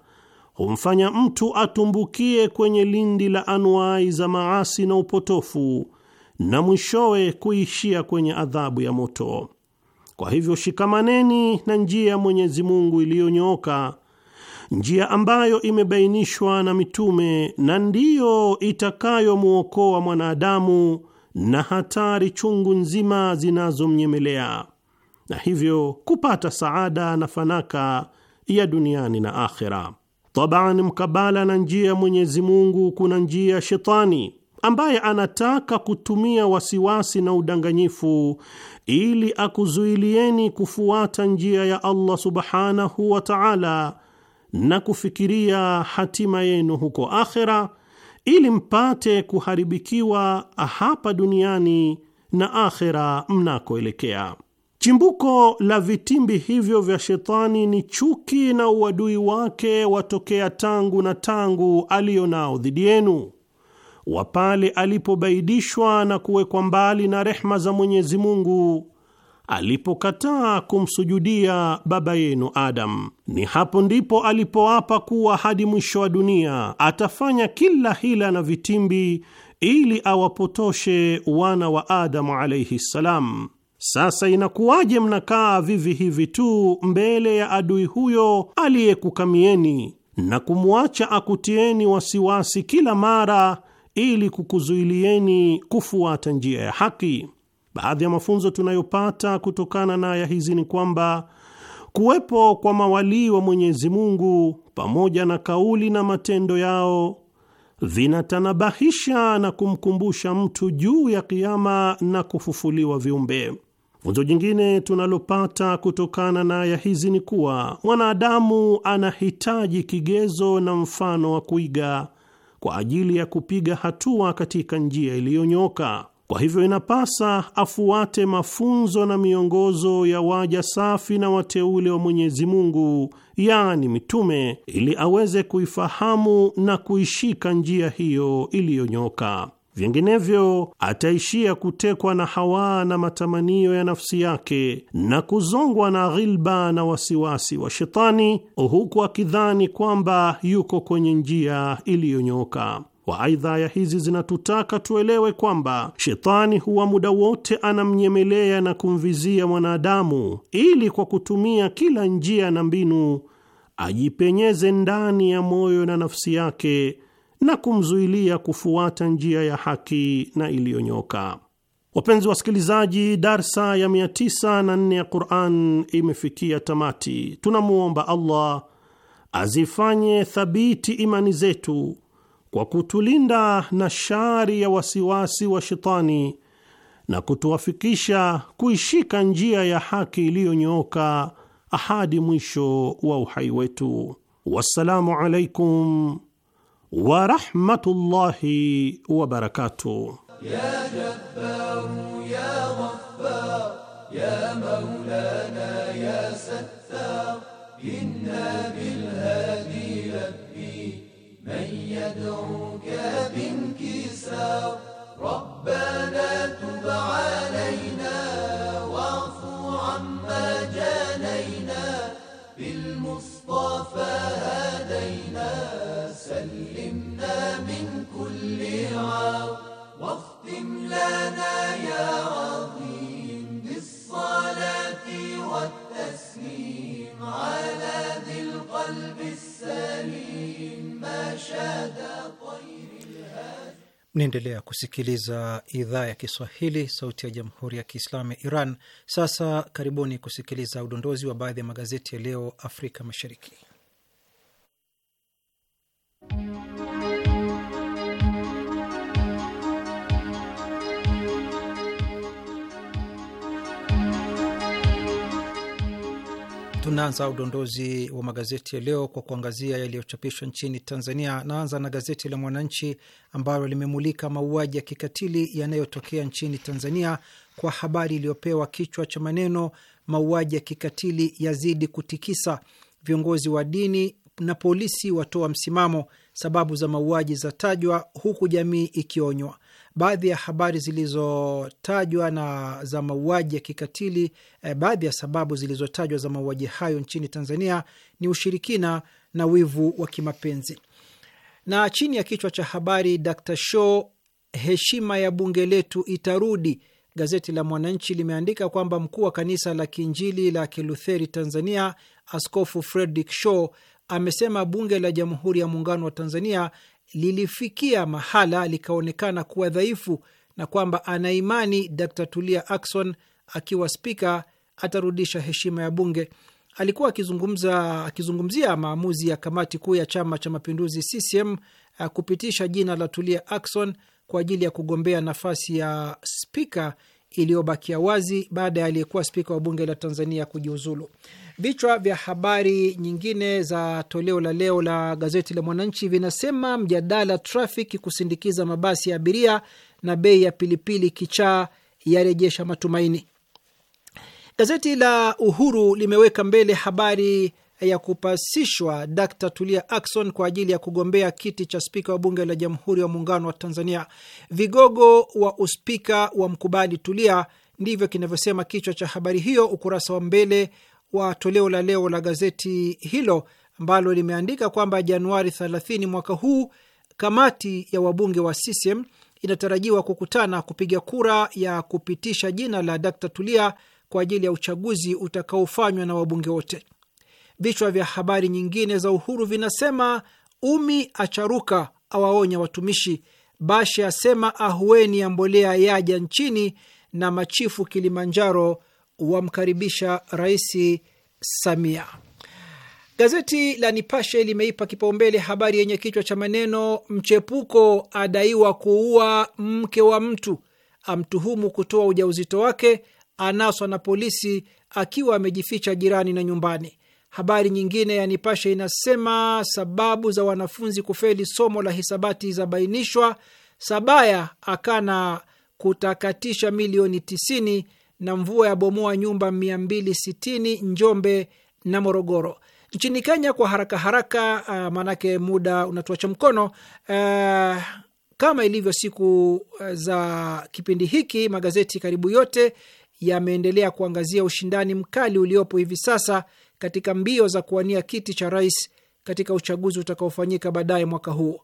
humfanya mtu atumbukie kwenye lindi la anwai za maasi na upotofu na mwishowe kuishia kwenye adhabu ya moto. Kwa hivyo, shikamaneni na njia ya Mwenyezi Mungu iliyonyooka, njia ambayo imebainishwa na mitume na ndiyo itakayomwokoa mwanadamu na hatari chungu nzima zinazomnyemelea na hivyo kupata saada na fanaka ya duniani na akhera. Tabaan, mkabala na njia ya Mwenyezi Mungu kuna njia ya shetani ambaye anataka kutumia wasiwasi na udanganyifu ili akuzuilieni kufuata njia ya Allah subhanahu wa ta'ala na kufikiria hatima yenu huko akhera, ili mpate kuharibikiwa hapa duniani na akhera mnakoelekea. Chimbuko la vitimbi hivyo vya shetani ni chuki na uadui wake watokea tangu na tangu aliyo nao dhidi yenu, wa pale alipobaidishwa na kuwekwa mbali na rehma za Mwenyezi Mungu alipokataa kumsujudia baba yenu Adam. Ni hapo ndipo alipoapa kuwa hadi mwisho wa dunia atafanya kila hila na vitimbi ili awapotoshe wana wa Adamu alaihi ssalam. Sasa inakuwaje mnakaa vivi hivi tu mbele ya adui huyo aliyekukamieni na kumwacha akutieni wasiwasi kila mara ili kukuzuilieni kufuata njia ya haki? Baadhi ya mafunzo tunayopata kutokana na aya hizi ni kwamba kuwepo kwa mawalii wa Mwenyezi Mungu pamoja na kauli na matendo yao vinatanabahisha na kumkumbusha mtu juu ya kiama na kufufuliwa viumbe. Funzo jingine tunalopata kutokana na aya hizi ni kuwa mwanadamu anahitaji kigezo na mfano wa kuiga kwa ajili ya kupiga hatua katika njia iliyonyoka. Kwa hivyo, inapasa afuate mafunzo na miongozo ya waja safi na wateule wa Mwenyezi Mungu, yaani mitume, ili aweze kuifahamu na kuishika njia hiyo iliyonyoka vinginevyo ataishia kutekwa na hawa na matamanio ya nafsi yake na kuzongwa na ghilba na wasiwasi wa shetani, huku akidhani kwamba yuko kwenye njia iliyonyooka. Waaidha, aya hizi zinatutaka tuelewe kwamba shetani huwa muda wote anamnyemelea na kumvizia mwanadamu ili kwa kutumia kila njia na mbinu ajipenyeze ndani ya moyo na nafsi yake na kumzuilia kufuata njia ya haki na iliyonyoka. Wapenzi wasikilizaji, darsa ya 94 ya Quran imefikia tamati. Tunamwomba Allah azifanye thabiti imani zetu kwa kutulinda na shari ya wasiwasi wa shetani na kutuwafikisha kuishika njia ya haki iliyonyooka hadi mwisho wa uhai wetu. Wassalamu alaikum ورحمة الله وبركاته يا جبار يا غفار يا مولانا يا ستار إنا بالهادي لبي من يدعوك بانكسار ربنا تب علينا واعفو عما جانينا بالمصطفى هدينا سلم واختم لنا يا عظيم بالصلاة والتسليم على ذي القلب السليم ما شاد طير Mnaendelea kusikiliza idhaa ya Kiswahili, sauti ya jamhuri ya kiislamu ya Iran. Sasa karibuni kusikiliza udondozi wa baadhi ya magazeti ya leo Afrika Mashariki. Tunaanza udondozi wa magazeti ya leo kwa kuangazia yaliyochapishwa nchini Tanzania. Naanza na gazeti la Mwananchi ambalo limemulika mauaji ya kikatili yanayotokea nchini Tanzania kwa habari iliyopewa kichwa cha maneno mauaji ya kikatili yazidi kutikisa, viongozi wa dini na polisi watoa msimamo, sababu za mauaji zatajwa, huku jamii ikionywa baadhi ya habari zilizotajwa na za mauaji ya kikatili eh, baadhi ya sababu zilizotajwa za mauaji hayo nchini Tanzania ni ushirikina na wivu wa kimapenzi. Na chini ya kichwa cha habari Dr. Show, heshima ya bunge letu itarudi, gazeti la Mwananchi limeandika kwamba mkuu wa kanisa la Kiinjili la Kilutheri Tanzania Askofu Fredrick Shaw amesema bunge la Jamhuri ya Muungano wa Tanzania lilifikia mahala likaonekana kuwa dhaifu na kwamba ana imani Tulia Ackson akiwa spika atarudisha heshima ya bunge. Alikuwa akizungumza akizungumzia maamuzi ya kamati kuu ya Chama cha Mapinduzi CCM kupitisha jina la Tulia Ackson kwa ajili ya kugombea nafasi ya spika iliyobakia wazi baada ya aliyekuwa spika wa bunge la Tanzania kujiuzulu. Vichwa vya habari nyingine za toleo la leo la gazeti la Mwananchi vinasema mjadala trafiki kusindikiza mabasi ya abiria na bei ya pilipili kichaa yarejesha matumaini. Gazeti la Uhuru limeweka mbele habari ya kupasishwa d Tulia Akson kwa ajili ya kugombea kiti cha spika wa bunge la Jamhuri ya Muungano wa Tanzania. Vigogo wa uspika wa mkubali Tulia, ndivyo kinavyosema kichwa cha habari hiyo, ukurasa wa mbele wa toleo la leo la gazeti hilo ambalo limeandika kwamba Januari 30 mwaka huu kamati ya wabunge wa CCM inatarajiwa kukutana kupiga kura ya kupitisha jina la d Tulia kwa ajili ya uchaguzi utakaofanywa na wabunge wote. Vichwa vya habari nyingine za Uhuru vinasema Umi acharuka awaonya watumishi, Bashe asema ahueni ya mbolea yaja nchini, na machifu Kilimanjaro wamkaribisha Rais Samia. Gazeti la Nipashe limeipa kipaumbele habari yenye kichwa cha maneno mchepuko adaiwa kuua mke wa mtu, amtuhumu kutoa ujauzito wake, anaswa na polisi akiwa amejificha jirani na nyumbani. Habari nyingine ya Nipashe inasema sababu za wanafunzi kufeli somo la hisabati zabainishwa. Sabaya akana kutakatisha milioni 90 na mvua ya bomoa nyumba 260 Njombe na Morogoro. Nchini Kenya kwa haraka haraka, uh, eh, maanake muda unatuacha mkono. Uh, kama ilivyo siku eh, za kipindi hiki, magazeti karibu yote yameendelea kuangazia ushindani mkali uliopo hivi sasa katika mbio za kuwania kiti cha rais katika uchaguzi utakaofanyika baadaye mwaka huu.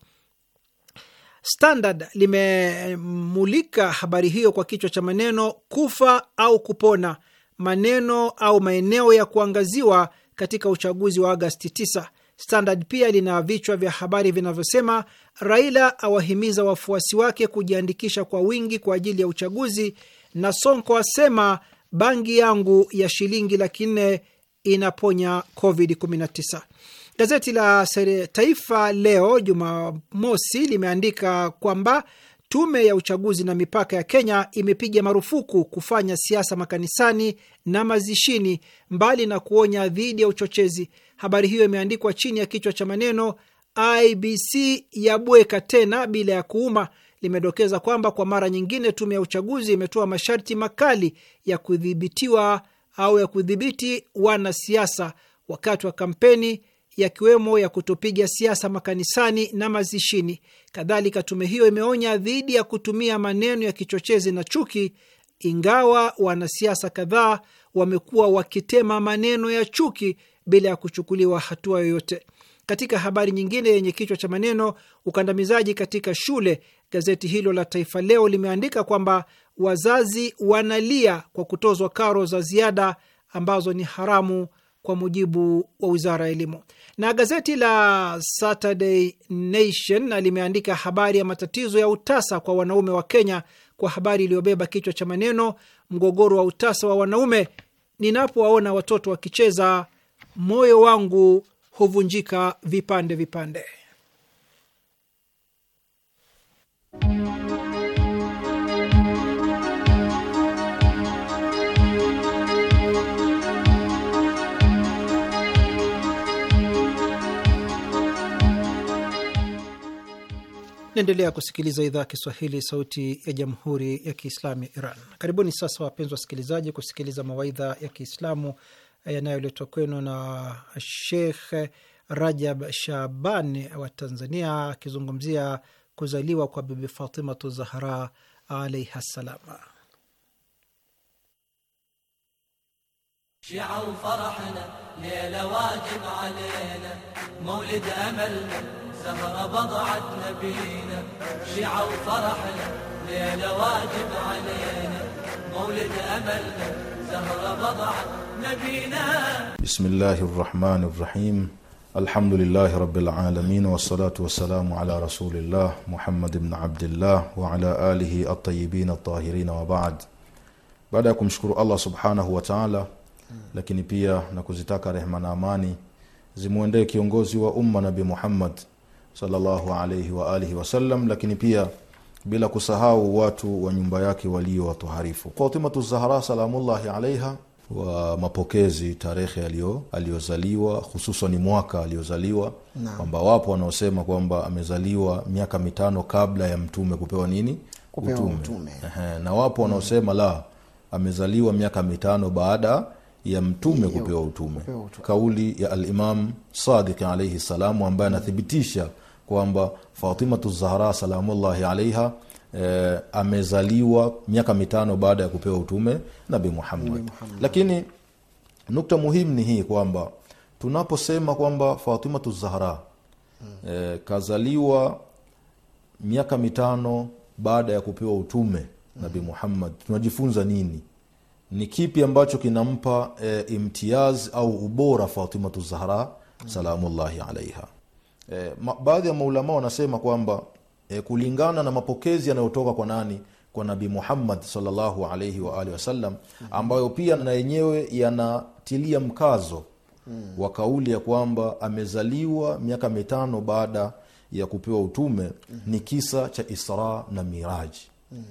Standard limemulika habari hiyo kwa kichwa cha maneno kufa au kupona, maneno au maeneo ya kuangaziwa katika uchaguzi wa Agasti 9. Standard pia lina vichwa vya habari vinavyosema Raila awahimiza wafuasi wake kujiandikisha kwa wingi kwa ajili ya uchaguzi, na Sonko asema bangi yangu ya shilingi laki nne inaponya COVID-19. Gazeti la Taifa Leo Jumamosi limeandika kwamba tume ya uchaguzi na mipaka ya Kenya imepiga marufuku kufanya siasa makanisani na mazishini, mbali na kuonya dhidi ya uchochezi. Habari hiyo imeandikwa chini ya kichwa cha maneno IBC yabweka tena bila ya kuuma. Limedokeza kwamba kwa mara nyingine tume ya uchaguzi imetoa masharti makali ya kudhibitiwa au ya kudhibiti wanasiasa wakati wa kampeni, yakiwemo ya kutopiga siasa makanisani na mazishini. Kadhalika, tume hiyo imeonya dhidi ya kutumia maneno ya kichochezi na chuki, ingawa wanasiasa kadhaa wamekuwa wakitema maneno ya chuki bila ya kuchukuliwa hatua yoyote. Katika habari nyingine yenye kichwa cha maneno ukandamizaji katika shule, gazeti hilo la Taifa Leo limeandika kwamba wazazi wanalia kwa kutozwa karo za ziada ambazo ni haramu kwa mujibu wa wizara ya elimu. Na gazeti la Saturday Nation limeandika habari ya matatizo ya utasa kwa wanaume wa Kenya kwa habari iliyobeba kichwa cha maneno mgogoro wa utasa wa wanaume, ninapowaona watoto wakicheza moyo wangu huvunjika vipande vipande. Naendelea kusikiliza idhaa ya Kiswahili, sauti ya jamhuri ya kiislamu ya Iran. Karibuni sasa, wapenzi wasikilizaji, kusikiliza mawaidha ya Kiislamu yanayoletwa kwenu na Sheikh Rajab Shaban wa Tanzania, akizungumzia kuzaliwa kwa Bibi Fatimatu Zahra alaiha ssalama. سهرة بضعت نبينا شيعة وفرحنا ليلة واجب علينا مولد أملنا سهرة بضعت نبينا بسم الله الرحمن الرحيم الحمد لله رب العالمين والصلاة والسلام على رسول الله محمد بن عبد الله وعلى آله الطيبين الطاهرين وبعد بعد أن kumshukuru الله سبحانه وتعالى لكن lakini نكوزتاك na kuzitaka زموندي كيونغوزي وأمنا بمحمد sallallahu alayhi wa alihi wasallam lakini pia bila kusahau watu wa nyumba yake walio watoharifu Fatimatu Zahra salamullahi alaiha wa mapokezi tarehe aliyozaliwa hususan mwaka aliyozaliwa kwamba wapo wanaosema kwamba amezaliwa miaka mitano kabla ya mtume kupewa nini kupewa utume, utume. na wapo wanaosema la amezaliwa miaka mitano baada ya mtume kupewa utume. kupewa utume kauli ya alimam Sadiq alaihi salamu ambaye anathibitisha kwamba Fatimatu Zahra salamullahi alaiha e, amezaliwa miaka mitano baada ya kupewa utume Nabi Muhammad. Lakini nukta muhimu ni hii kwamba tunaposema kwamba Fatimatu Zahra hmm. e, kazaliwa miaka mitano baada ya kupewa utume Nabi Muhammad, tunajifunza nini? Ni kipi ambacho kinampa e, imtiaz au ubora Fatimatu Zahra hmm. salamullahi alaiha E, ma, baadhi ya maulama wanasema kwamba e, kulingana na mapokezi yanayotoka kwa nani kwa nabi Muhammad sallallahu alaihi wasallam mhm. ambayo pia na yenyewe yanatilia mkazo hmm. wa kauli ya kwamba amezaliwa miaka mitano baada ya kupewa utume hmm. ni kisa cha Isra na Miraji hmm.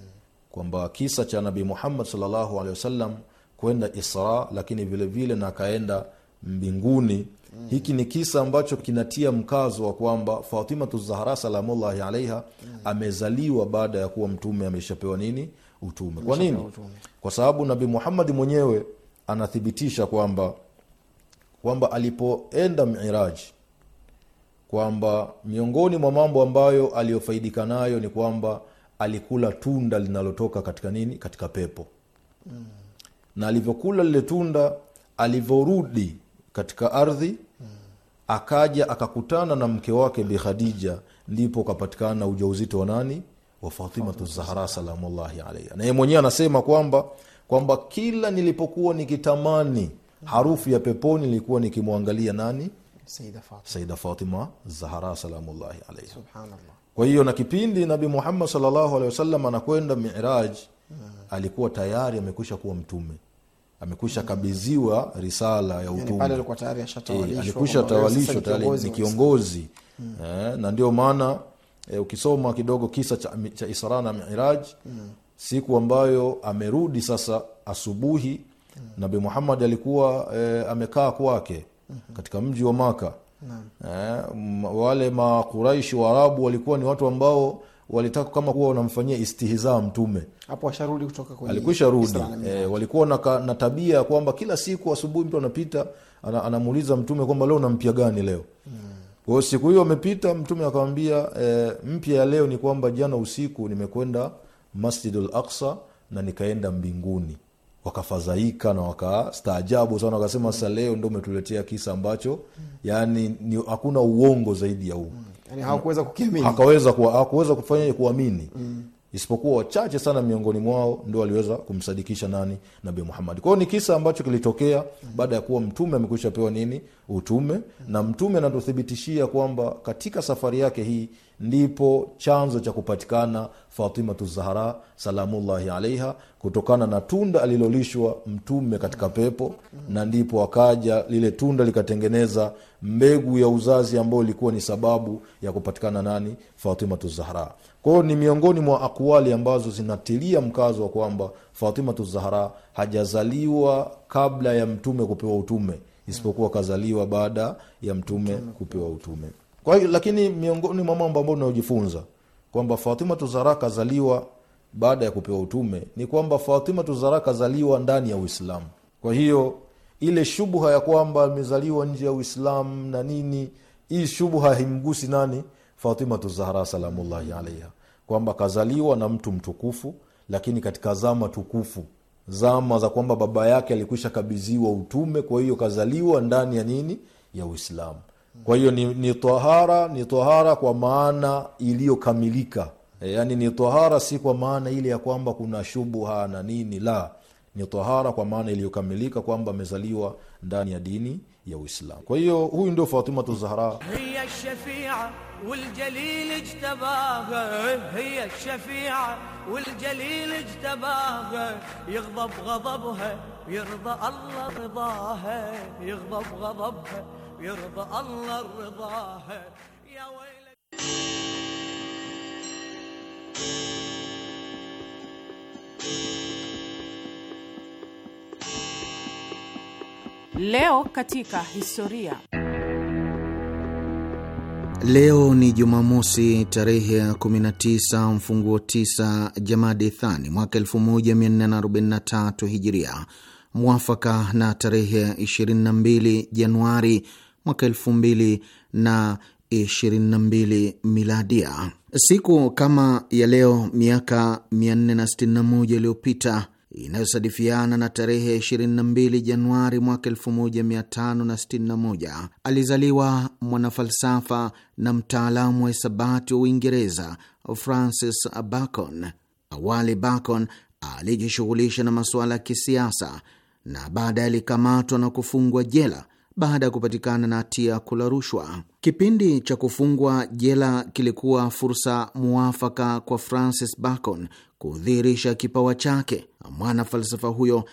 kwamba kisa cha nabi Muhammad sallallahu wasallam kwenda Isra, lakini vilevile na akaenda mbinguni mm. Hiki ni kisa ambacho kinatia mkazo wa kwamba Fatimatu Zahra salamullahi alaiha mm. amezaliwa baada ya kuwa mtume ameshapewa nini utume. Kwa nini? Kwa sababu Nabi Muhammadi mwenyewe anathibitisha kwamba kwamba alipoenda Miraji kwamba miongoni mwa mambo ambayo aliyofaidika nayo ni kwamba alikula tunda linalotoka katika nini, katika pepo mm. na alivyokula lile tunda, alivyorudi katika ardhi akaja akakutana na mke wake bi Khadija, ndipo ukapatikana ujauzito wa nani wa Fatimatu Zahra salamullahi alaiha. Na mwenyewe anasema kwamba kwamba kila nilipokuwa nikitamani harufu ya peponi nilikuwa nikimwangalia nani Saida Fatima, Zahara salamullahi alaiha. Kwa hiyo na kipindi Nabi Muhammad salllahu alehi wasallam anakwenda Miraj, hmm. alikuwa tayari amekwisha kuwa mtume amekwisha kabidhiwa risala ya utume eh, tawalishwa tayari ni kiongozi hmm. eh, na ndio maana eh, ukisoma kidogo kisa cha, cha Isra na Miraj mm. siku ambayo amerudi sasa asubuhi mm. Nabi Muhammad alikuwa eh, amekaa kwake mm -hmm. katika mji wa Maka mm. eh, wale Makuraishi Waarabu walikuwa ni watu ambao walitaka kama kuwa wanamfanyia istihizaa Mtume hapo asharudi kutoka kwenye alikwisha rudi e, walikuwa na, na tabia ya kwamba kila siku asubuhi mtu anapita anamuuliza Mtume kwamba leo nampya gani leo hmm. kwao siku hiyo amepita Mtume akamwambia e, mpya ya leo ni kwamba jana usiku nimekwenda masjid Masjidul aksa na nikaenda mbinguni. Wakafadhaika na wakastaajabu sana, wakasema sasa leo ndo umetuletea kisa ambacho mm. yani ni, hakuna uongo zaidi ya huu mm yani hawakuweza kukiamini, hakuweza kufanya kuamini mm isipokuwa wachache sana miongoni mwao ndo waliweza kumsadikisha nani nabii muhamad kwao ni kisa ambacho kilitokea baada ya kuwa mtume amekwisha pewa nini utume, na mtume anatuthibitishia kwamba katika safari yake hii ndipo chanzo cha kupatikana Fatimatu Zahra salamullahi alaiha, kutokana na tunda alilolishwa mtume katika pepo, na ndipo akaja lile tunda likatengeneza mbegu ya uzazi ambayo ilikuwa ni sababu ya kupatikana nani Fatimatu Zahra. Kwa hiyo ni miongoni mwa akwali ambazo zinatilia mkazo wa kwamba Fatimatu Zahra hajazaliwa kabla ya mtume kupewa utume, isipokuwa kazaliwa baada ya mtume kupewa utume. Kwa hiyo lakini miongoni mwa mambo ambao unayojifunza kwamba Fatimatu Zahra kazaliwa baada ya kupewa utume ni kwamba Fatimatu Zahra kazaliwa ndani ya Uislamu. Kwa hiyo ile shubha ya kwamba amezaliwa nje ya Uislamu na nini, hii shubha haimgusi nani Fatimatu Zahra salamullahi alaiha, kwamba kazaliwa na mtu mtukufu, lakini katika zama tukufu, zama za kwamba baba yake alikwisha kabidhiwa utume. Kwa hiyo kazaliwa ndani ya nini, ya Uislamu. Kwa hiyo ni, ni tahara, ni tahara kwa maana iliyokamilika e, yani ni tahara, si kwa maana ile ya kwamba kuna shubuha na nini, la ni tahara kwa maana iliyokamilika kwamba amezaliwa ndani ya dini ya Uislamu. Kwa hiyo huyu ndio Fatimatu Zahra. والجليل اجتباها هي الشفيعة والجليل اجتباها يغضب غضبها ويرضى الله رضاها يغضب غضبها ويرضى الله رضاها يا ويلك Leo katika historia. Leo ni Jumamosi tarehe 19 mfunguo 9 Jamadi Thani mwaka 1443 Hijiria, mwafaka na tarehe 22 Januari mwaka 2022 Miladia. Siku kama ya leo miaka 461 iliyopita inayosadifiana na tarehe 22 Januari mwaka 1561 alizaliwa mwanafalsafa na mtaalamu wa hisabati wa Uingereza Francis Bacon. Awali Bacon alijishughulisha na masuala ya kisiasa na baadaye alikamatwa na kufungwa jela baada ya kupatikana na hatia ya kula rushwa. Kipindi cha kufungwa jela kilikuwa fursa muafaka kwa Francis Bacon kudhihirisha kipawa chake. Mwana falsafa huyo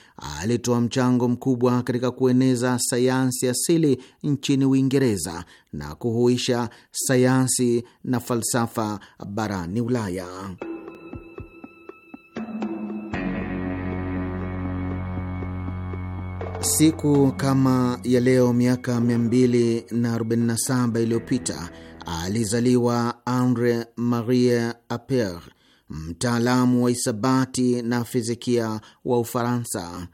alitoa mchango mkubwa katika kueneza sayansi asili nchini Uingereza na kuhuisha sayansi na falsafa barani Ulaya. Siku kama ya leo miaka 247 iliyopita alizaliwa Andre Marie aper mtaalamu wa hisabati na fizikia wa Ufaransa.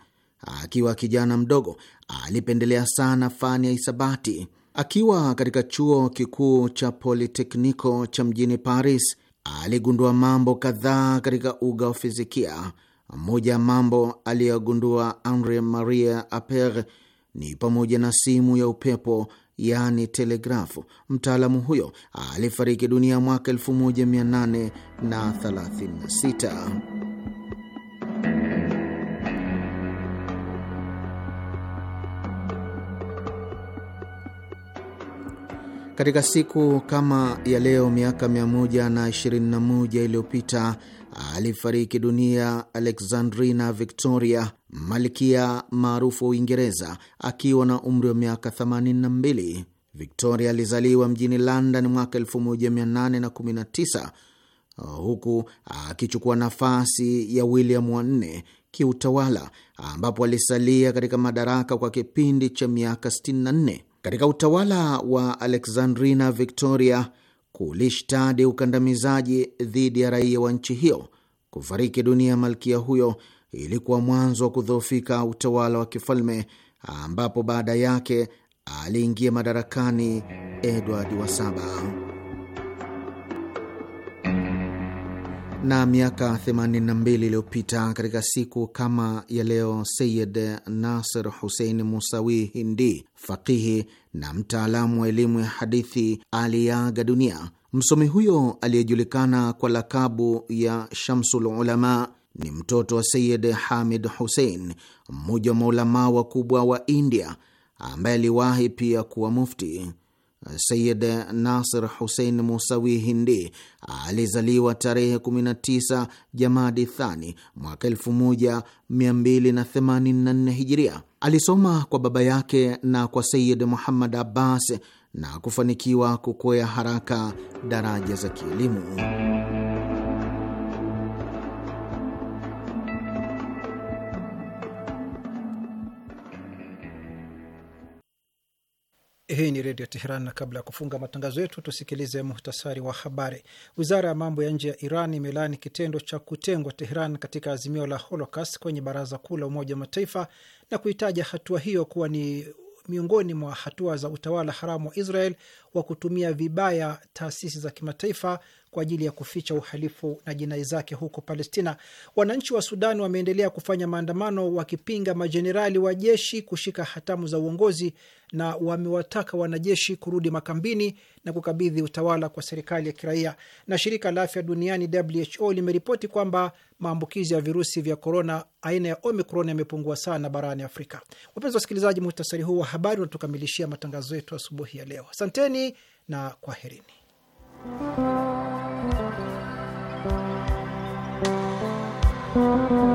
Akiwa kijana mdogo, alipendelea sana fani ya hisabati. Akiwa katika chuo kikuu cha Politekniko cha mjini Paris, aligundua mambo kadhaa katika uga wa fizikia. Moja ya mambo aliyogundua Andre maria aper ni pamoja na simu ya upepo yaani telegrafu. Mtaalamu huyo alifariki dunia mwaka 1836. Katika siku kama ya leo miaka 121 iliyopita alifariki dunia Alexandrina Victoria, malkia maarufu wa Uingereza akiwa na umri wa miaka 82. Victoria alizaliwa mjini London mwaka 1819 huku akichukua nafasi ya William wa nne kiutawala, ambapo alisalia katika madaraka kwa kipindi cha miaka 64. Katika utawala wa Alexandrina Victoria kulishtadi ukandamizaji dhidi ya raia wa nchi hiyo. Kufariki dunia malkia huyo ilikuwa mwanzo wa kudhoofika utawala wa kifalme ambapo baada yake aliingia madarakani Edward wa saba. Na miaka 82 iliyopita katika siku kama ya leo, Sayid Nasir Hussein Musawi Hindi, fakihi na mtaalamu wa elimu ya hadithi, aliaga dunia. Msomi huyo aliyejulikana kwa lakabu ya Shamsul ni mtoto wa Sayid Hamid Hussein, mmoja wa maulamaa wakubwa wa India ambaye aliwahi pia kuwa mufti. Sayid Nasir Hussein Musawi Hindi alizaliwa tarehe 19 Jamadi Thani mwaka 1284 Hijiria. Alisoma kwa baba yake na kwa Sayid Muhammad Abbas na kufanikiwa kukwea haraka daraja za kielimu. Hii ni Redio Teheran, na kabla ya kufunga matangazo yetu tusikilize muhtasari wa habari. Wizara ya mambo ya nje ya Iran imelaani kitendo cha kutengwa Teheran katika azimio la Holocaust kwenye Baraza Kuu la Umoja wa Mataifa na kuitaja hatua hiyo kuwa ni miongoni mwa hatua za utawala haramu wa Israel wa kutumia vibaya taasisi za kimataifa kwa ajili ya kuficha uhalifu na jinai zake huko Palestina. Wananchi wa Sudan wameendelea kufanya maandamano wakipinga majenerali wa jeshi kushika hatamu za uongozi na wamewataka wanajeshi kurudi makambini na kukabidhi utawala kwa serikali ya kiraia. Na shirika la afya duniani WHO limeripoti kwamba maambukizi ya virusi vya korona aina ya Omicron yamepungua sana barani Afrika. Wapenzi wasikilizaji, muhtasari huu wa habari unatukamilishia matangazo yetu asubuhi ya leo. Asanteni na kwaherini. Mm-hmm.